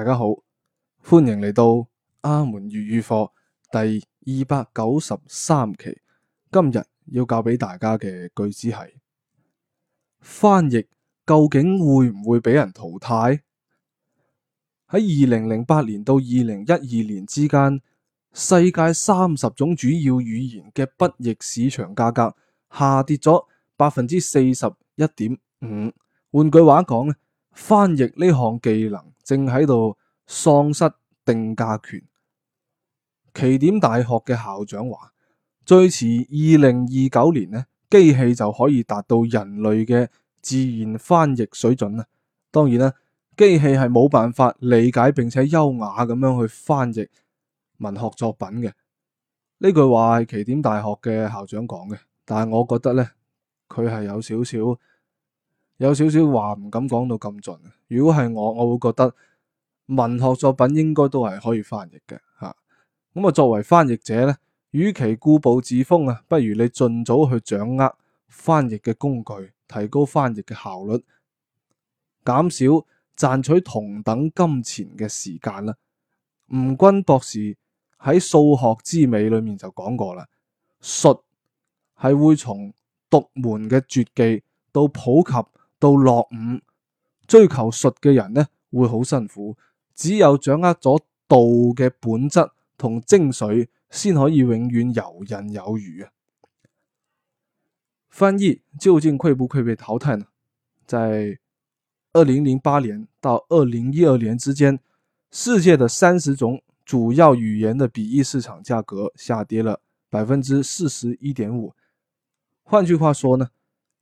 大家好，歡迎嚟到阿門粵語課第二百九十三期。今日要教俾大家嘅句子係：翻譯究竟會唔會俾人淘汰？喺二零零八年到二零一二年之間，世界三十種主要語言嘅筆譯市場價格下跌咗百分之四十一點五。換句話講翻譯呢項技能正喺度喪失定價權。奇點大學嘅校長話，最遲二零二九年呢，機器就可以達到人類嘅自然翻譯水準啦。當然啦，機器係冇辦法理解並且優雅咁樣去翻譯文學作品嘅。呢句話係奇點大學嘅校長講嘅，但係我覺得呢，佢係有少少。有少少話唔敢講到咁盡。如果係我，我會覺得文學作品應該都係可以翻譯嘅。嚇，咁啊作為翻譯者咧，與其固步自封啊，不如你盡早去掌握翻譯嘅工具，提高翻譯嘅效率，減少賺取同等金錢嘅時間啦。吳君博士喺《數學之美》裏面就講過啦，術係會從獨門嘅絕技到普及。到落伍，追求術嘅人咧會好辛苦。只有掌握咗道嘅本質同精髓，先可以永遠游刃有餘啊！翻譯究竟會不會被淘汰呢？在二零零八年到二零一二年之間，世界的三十種主要語言的筆譯市場價格下跌了百分之四十一點五。換句話說呢，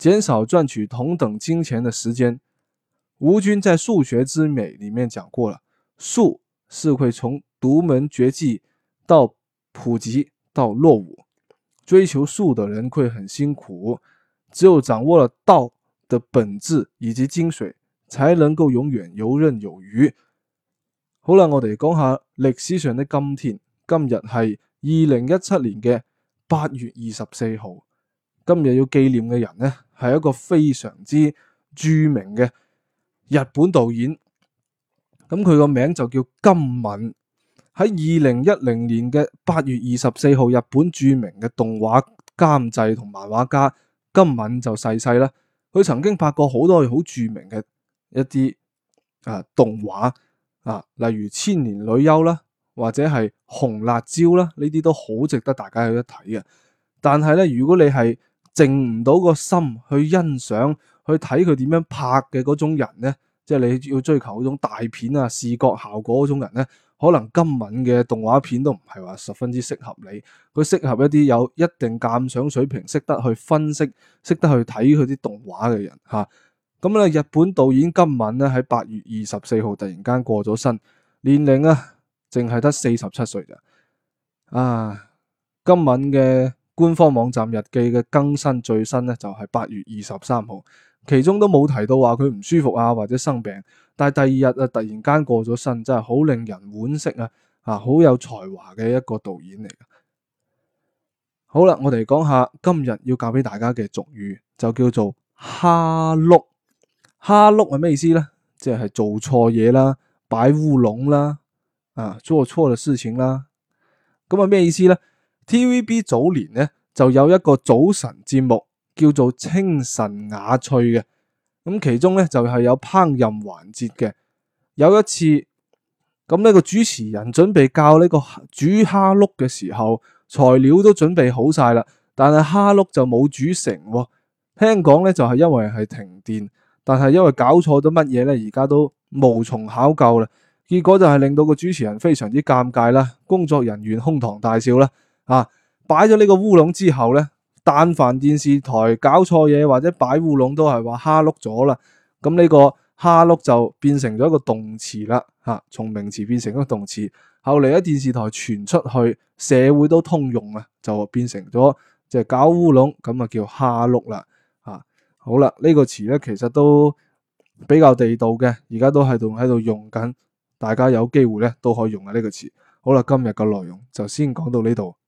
減少賺取同等金錢的時間，吳軍在《數學之美》裏面講過了，數是會從獨門絕技到普及到落伍，追求數的人會很辛苦，只有掌握了道的本質以及精髓，才能夠永遠遊刃有餘。好啦，我哋講下歷史上的今天，今日係二零一七年嘅八月二十四號。今日要紀念嘅人咧，係一個非常之著名嘅日本導演，咁佢個名就叫今敏。喺二零一零年嘅八月二十四號，日本著名嘅動畫監製同漫畫家今敏就逝世啦。佢曾經拍過好多好著名嘅一啲啊動畫啊，例如《千年女優》啦，或者係《紅辣椒》啦，呢啲都好值得大家去一睇嘅。但係咧，如果你係靜唔到個心去欣賞，去睇佢點樣拍嘅嗰種人咧，即係你要追求嗰種大片啊，視覺效果嗰種人咧，可能今敏嘅動畫片都唔係話十分之適合你。佢適合一啲有一定鑑賞水平，識得去分析，識得去睇佢啲動畫嘅人吓。咁、啊、咧，日本導演今敏咧喺八月二十四號突然間過咗身，年齡啊，淨係得四十七歲咋。啊，今敏嘅。官方網站日記嘅更新最新呢，就係八月二十三號，其中都冇提到話佢唔舒服啊或者生病，但係第二日啊突然間過咗身，真係好令人惋惜啊！啊，好有才華嘅一個導演嚟嘅。好啦，我哋講下今日要教俾大家嘅俗語，就叫做蝦碌。蝦碌係咩意思呢？即係做錯嘢啦，擺烏龍啦，啊，做錯嘅事情啦，咁啊咩意思呢？TVB 早年咧就有一個早晨節目，叫做《清晨雅趣》嘅，咁其中咧就係、是、有烹飪環節嘅。有一次，咁、那、呢個主持人準備教呢個煮蝦碌嘅時候，材料都準備好晒啦，但係蝦碌就冇煮成。聽講咧就係、是、因為係停電，但係因為搞錯咗乜嘢咧，而家都無從考究啦。結果就係令到個主持人非常之尷尬啦，工作人員哄堂大笑啦。啊！擺咗呢個烏龍之後咧，但凡電視台搞錯嘢或者擺烏龍都係話蝦碌咗啦。咁呢個蝦碌就變成咗一個動詞啦，吓、啊，從名詞變成一個動詞。後嚟喺電視台傳出去，社會都通用啊，就變成咗即係搞烏龍，咁啊叫蝦碌啦。啊，好啦，呢、這個詞咧其實都比較地道嘅，而家都喺度喺度用緊，大家有機會咧都可以用下呢個詞。好啦，今日嘅內容就先講到呢度。